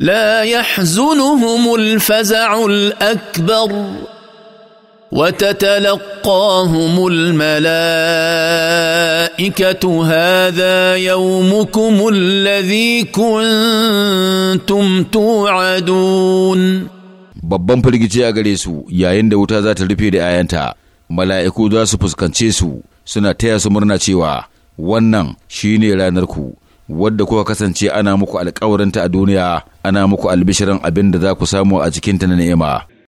لا يحزنهم الفزع الاكبر وتتلقاهم الملائكه هذا يومكم الذي كنتم توعدون babban firgici a gare su yayin da wuta za ta rufe da 'ya'yanta mala'iku za su fuskance su suna taya su murna cewa wannan shine ranar ku wadda kuka kasance ana muku alkawarinta a duniya ana muku albishirin abin da za ku samu a cikinta na ni'ima